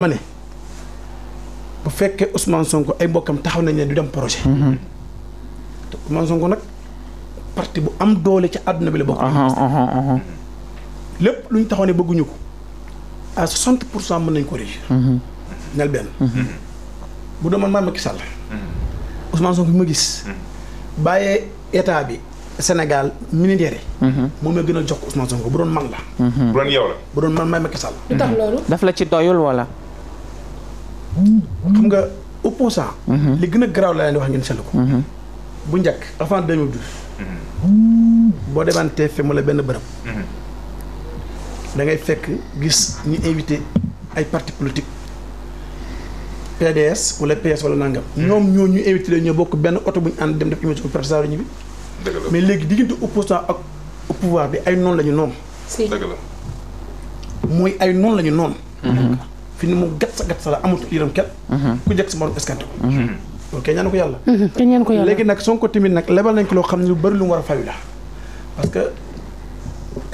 ma bu fekkee Ousmane Sonko ay mbokkam taxaw nañ ne du dem projet. Mhm. te Ousmane nag parti bu am doole ci àdduna bi la bokk. lépp luñ ñu taxaw ne bëgguñu ko à 60 pour cent mën nañ ko réussir. ñal mhm. benn. Mhm. bu doon man maa Macky Sall. Ousmane Sonko bi ma gis. bàyyee état bi Sénégal militaire yi. moom la gën a jox Ousmane Sonko bu doon man la. bu doon yow la bu doon man maa Macky Sall. daf la ci doyul wala. xam nga opposant mhm. li gën a garaaw la leen di wax ngeen seetlu ko. Mhm. bu njëkk avant 2012. Mhm. boo demee TFM wala benn bërëb. da ngay fekk gis ñu invité ay parti politique PDS wala PS wala nangam. ñoom ñoo ñu invité la ñoo bokk benn oto bu ñu ànd dem def émission présidentielle ñu mais léegi diggante opposant ak pouvoir bi ay noonu lañu noon noonu. mooy ay noonu lañu noon fi ni moom gat sa gat sa la amatu kenn mhm. ku njëkk sa morom escanté ko mhm. loolu kay ñaan ko yàlla mhm, kay ñaan ko yàlla léegi nag Sonko tamit nag lebal nañ ko loo xam ne lu bëri lu mu war a fayu la parce que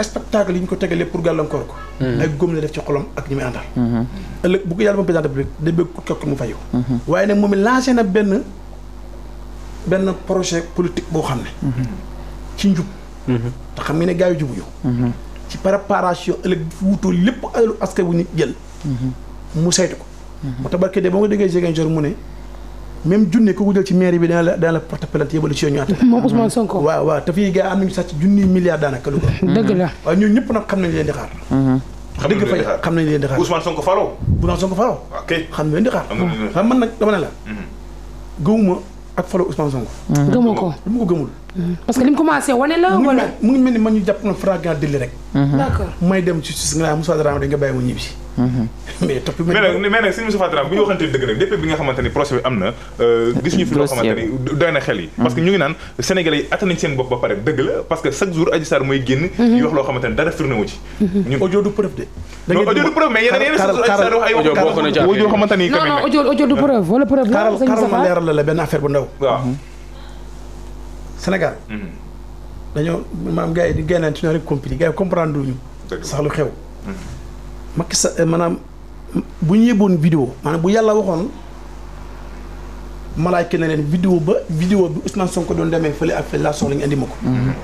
spectacle yi ñu ko tegalee pour gàllankoor ko ay góom la def ci xolam ak ñi muy àndal ëllëg bu ko yàlla moom président de la République da bëgg ku kakul mu fayu waaye nag moom it lancé na benn benn projet politique boo xam ne ci njub te xam nga ne gars yu jubuñu ci préparation ëllëg wutoo lépp alalu askan wu ñu jël mu saytu ko. mu tabarke de ba nga déggee Ziguinchor mu ne même junni ku ko ci mairie bi dana la dana la porte plainte yóbbalu ci yow ñu àtt. moom Ousmane Sonko waaw waaw te fii gars am nañu sàcc junniy milliards daanaka lu ko. dëgg la waaw ñun ñëpp nag xam na leen di xaar. xam nañu leen di xaar mhm. dëgg fa xam nañu leen di xaar Ousmane Sonko falo. Ousmane Sonko falo. xam nañu leen di xaar. xam man nag dama ne la. Mhm. gëmuma ak falo Ousmane Sonko. Mhm. gëmoo ko dama ko gëmul. parce que lim commencé wane la wala. mu ngi mel ni man ñu jàpp na fragment dëll rek. Mhm. d'accord may dem ci suuf si nga naan Moussa Dramé dañ nga bàyyi mu ñibbi. Mhm. mais topp bi. mais nag mais nag suñu Moussa Dramé bu ñu waxante dëgg rek depuis bi nga xamante ni procès bi am na. Euh, gis ñu fi loo xamante ni doy na xel yi. parce que mhm. ñu ngi naan Sénégalais yi attan nañ seen bopp ba pare dëgg la parce que chaque jour Adji Sarr mooy génn. di wax loo xamante ni dara firnde wu ci. ñun audio du preuve de. da ngeen di audio du preuve mais yéen a yéen a Adji Sarr wax ay wax. audio boo xam ne jàppee audio xamante ni. non non audio audio du preuve wala preuve la. sëñ Moussa Kaaral ma leeral la benn affaire bu ndaw. waaw Sénégal. Mm. dañoo maam gars yi di gën naan ci rek compli comprendre luñu sax lu xew. Mm. Macky sax eh, maanaam bu ñu yeboon vidéo maanaam bu yàlla waxoon malaayka ne leen vidéo ba vidéo bi soo ko doon demee fële ak fële laa soxla ñu indi ma ko. Mm-hmm.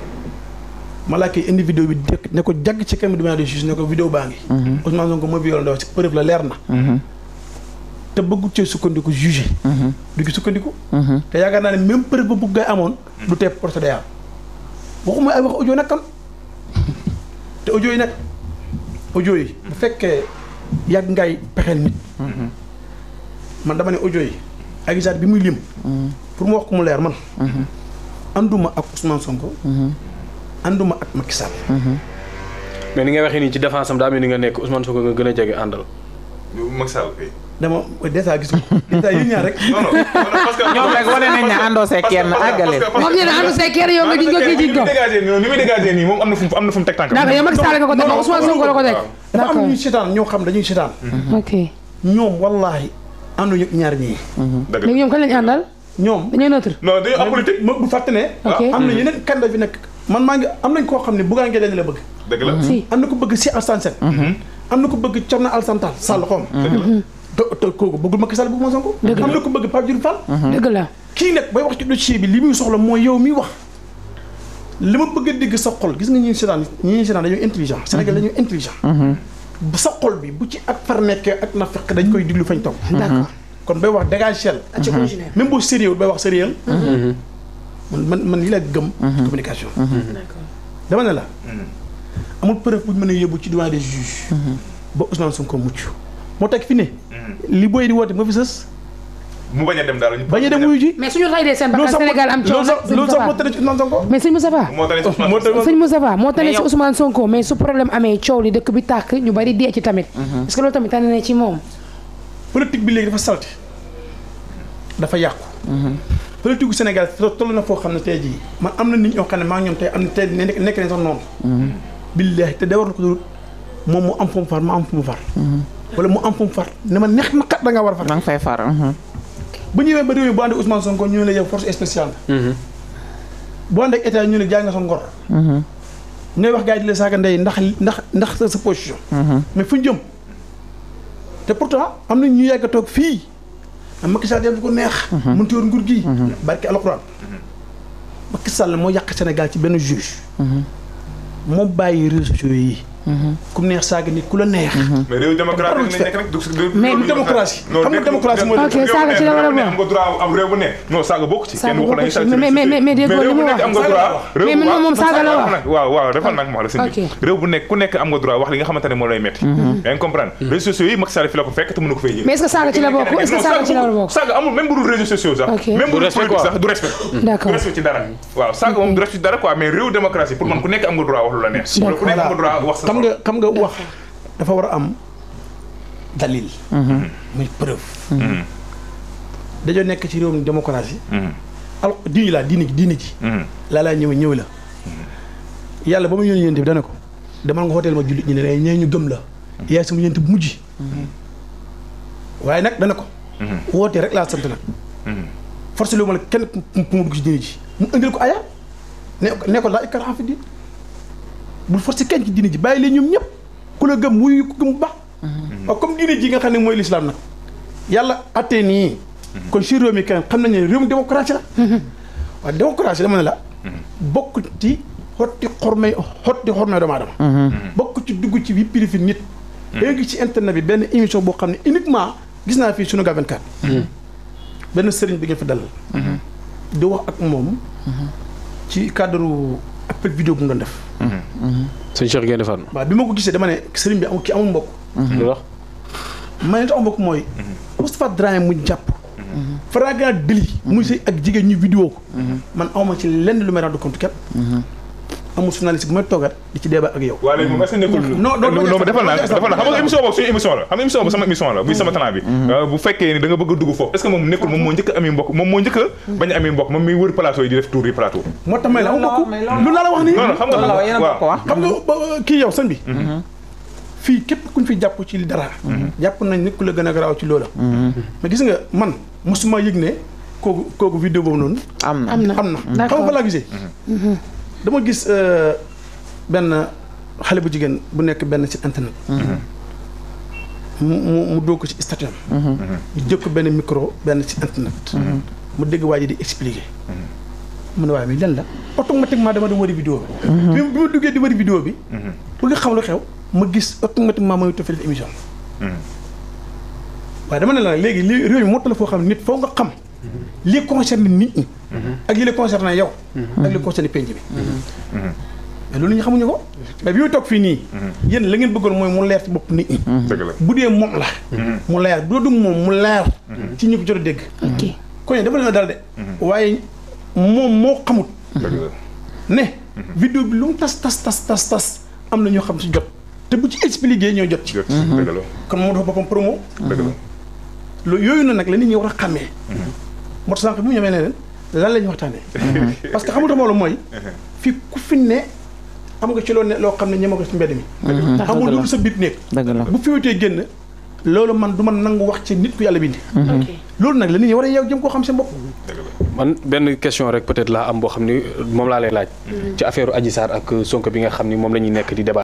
malaayka yi indi vidéo bi dëkk ne ko jagg ci caméra de justice ne ko vidéo baa ngi. Mm-hmm. Ousmane Sonko mooy violé ndaw ci preuve la leer na. Mm-hmm. te bëggu cee sukkandiku jugé. Mhm. du ci sukkandiku. Mhm. te yaakaar naa ne même preuve ba bugg a amoon. du tee porte day am waxuma ay wax audio nag te audio yi nag audio yi. bu fekkee yàgg ngay pexeel nit. Mhm. man dama ne audio yi ak bi muy lim. pour mu wax ko mu leer man. anduma ak Ousmane Sonko. anduma ak Macky Sall. mais ni nga waxee nii ci défense am daa mel ni nga nekk Ousmane Sonko nga gën a jege àndal. Macky Sall kay. dama dèjà gis ko. dèjà yéen ñaar rek. non non parce que. moom ñu ne àndoo see nga di nga kii di ko. ni muy dégagé nii moom am na fu am na fu teg tànk. dafa am ñuy seetaan ñaar ñii. ñoom kan lañu ñoom dañoo neutre. dañoo apolitique ma bu fàtte ne. ok am na man maa ngi am nañ koo xam ne Bougane Gueye Dany la bëgg. dëgg si am na ko bëgg si instant am na ko bëgg Thierno Alassane Sall xom mm-hmm. te te kooku bëggul Macky Sall bëgguma Sonko am na ko bëgg Pape Diouf mm-hmm. dëgg la kii nag bay wax ci dossier bi li muy soxla mooy yow miy wax li ma bëgg a dégg sa xol gis nga ñuy seetaan ñuy seetaan dañoo intelligent Sénégal dañoo intelligent mm-hmm. sa xol bi bu ci ak far nekkee ak na fekk dañ koy diglu fañ toog kon bay wax dégage sel ah, même boo sérieux bay wax sérieux man man man li la gëm communication dama ne la amul preuve bu ñu mën ci devant des juges. Mhm. ba Ousmane Sonko mucc moo teg fi ne. Mhm. li booy di woote moo fi mu bañ a dem daal ñu. a dem wuyu ji. mais suñu rey de seen bakkan Sénégal am coono. loolu sax moo tane ci Ousmane Sonko. mais sëñ Moustapha sëñ Moustapha moo tane ci Ousmane Sonko ñu bari dee ci tamit. parce mhm. que loolu tamit tane na ci moom. politique bi léegi dafa salté dafa yàqu. politique gu Sénégal toll na foo xam ne tey jii man am na nit ñoo xam ne maa ngi ñoom tey am na tey nekk nañ sax noonu. billaahi te dawar na ko dul moom mu am fu mu far ma am fu mu far. wala mu am fu mu far ne ma neex ma kat da nga war a far. da nga fay far. Mhm. bu ñëwee ba réew mi bu àndee Ousmane Sonko ñu ne la yow force mhm. ñu ne jaay nga sa mhm. ngay wax gars yi di la saaga ndey ndax ndax ndax sa position. mais fu ñu jëm. te pourtant am na ñu yàgg a toog fii Macky Sall def ko neex. mënut a yor gi. barke alxuraan. Macky Sall moo yàq Sénégal ci benn juge. mu bàyyi réseaux yi ku neex saaga nit ku la neex. Mhm. mais réew démocratie lañ nekk rek du démocratie. xam nga démocratie mooy ok saaga ci la war a bokk am nga droit am réew bu ne non saaga bokk ci. kenn waxu dañuy saaga mais mais mais déggoo li mu wax am nga droit. mais non moom saaga la wax waaw waaw defal naa ko ma wax la sëñ bi réew bu nekk ku nekk am nga droit wax li nga xamante ne moo lay metti. Mhm. yaa ngi comprendre mhm. réseaux sociaux yi Macky Sall fi la ko fekk te mënu ko fay yéen. mais est-ce que saaga ci la bokk est-ce que saaga ci la war a bokk. saaga amul même bu dul réseaux sociaux sax. ok même bu dul politique sax du respect. d'accord du respect ci dara. waaw saaga moom du respect ci dara quoi mais réew démocratie pour man ku nekk am nga droit wax lu la neex. ku nekk am nga droit wax xam nga xam nga wax dafa war a am dalil. Mhm. muy preuve. Mhm. dañoo nekk ci réewum démocratie. Mhm. al diini laa diini diini ji. laa laa ñëw ñëw la. yàlla ba mu yónni yéen bi dana ko demal nga hôtel ma jullit ñi ne ñee ñu gëm la. yaay sama yéen bu mujj. waaye nag dana ko. woote rek laa sant nag. force lu ma la kenn ku mu dugg ci diini ji mu indil ko aya ne ko laa ikraha fi diin bul forcer kenn ci diine ji bàyyi leen ñoom ñëpp ku la gëm wuyu ku gëm bu baax. Mhm. comme diine ji nga xam ne mooy lislaam nag yàlla atte nii. Mhm. kon si réew mi kenn xam nañ ne réewum démocratie la. Mhm. waaw démocratie dama ne la. bokk ci xotti xormay xotti xormay doomu bokk ci dugg ci yippi fi nit. léegi ci internet bi benn émission boo xam ne uniquement gis naa fi sunu 24. benn sëriñ bi nga fi dalal. di wax ak moom. ci cadre appel vidéo bu mu def. Mhm. sëñ Cheikh Gaynde Fatma. waaw bi ma ko gisee dama ne sëriñ bi am ki amul mbokk. Mhm. Mhm. lu tax ma ne am mbokk mooy. Moustapha Dramé mu jàpp. Fara Gana Deli. muy sëy ak jigéen ñu vidéo ko. man awma ci lenn lu may rendre compte képp. amul journaliste bu may toogaat di ci débat ak yow. waaw léegi moom est-ce nekkul. non non non defal naa defal naa xam nga émission boobu suñu émission la xam nga émission sama émission la. buy sama talent bi. Mhm. Euh, a dugg foofu. est-ce que moom nekkul moom moom moom miy ah. mhm. képp kuñ fi jàpp ci dara. Mhm. jàpp nañ nit ku la gën a garaaw ci loola. mais gis nga man mosuma yëg ne kooku kooku vidéo boobu noonu. am na am na xam nga fa laa gisee. dama gis euh, benn xale bu jigéen bu nekk benn ci internet. Mm-hmm. mu mu mu dóor ko ci statut am. Mm-hmm. benn micro benn ci internet. Mm-hmm. mu dégg waa ji di expliquer. mu ne waaye mi lan la automatiquement dama dem wëri vidéo bi. bi ma duggee di wëri vidéo bi. pour nga xam lu xew ma gis automatiquement ma ngi toog def émission waaye dama ne la léegi li réew mi moo toll foo xam nit foo nga xam. li concerne nit ñi. Mm-hmm. ak yi la concerné yow. Mm-hmm. ak la concerné penc bi. Mm-hmm. mais loolu ñu xamuñu ko. mais bi muy toog fii nii. yéen la ngeen bëggoon mooy mu leer ci bopp nit ñi. bu dee moom la. mu leer bu dee du moom mu leer. ci ñi ko jot a dégg. ok kon dafa leen waaye moom moo xamut. ne. lu mu tas tas tas tas tas am na ñoo xam si jot. te bu ci expliqué ñoo jot ci. kon moom dafa boppam promo. loolu yooyu na nag la nit ñu war a xàmmee. moo tax bi mu ñemee ne leen. lan la ñuy waxtaanee. parce que xamutuma lu mooy. fii ku fi ne am nga ci loo ne loo xam ne ñemoo ko ci mbedd mi. xamul lu sa biir nekk. bu fi wutee génn. loolu man du ma nangu wax ci nit ku yàlla bind. Mhm. loolu nag la nit ñi war a yeew jëm koo xam seen bopp. man benn question rek peut-être laa am boo xam ni moom laa lay laaj. Mhm. ci affaire Adji Sarr ak Sonko bi nga xam ni moom la ñuy nekk di débat.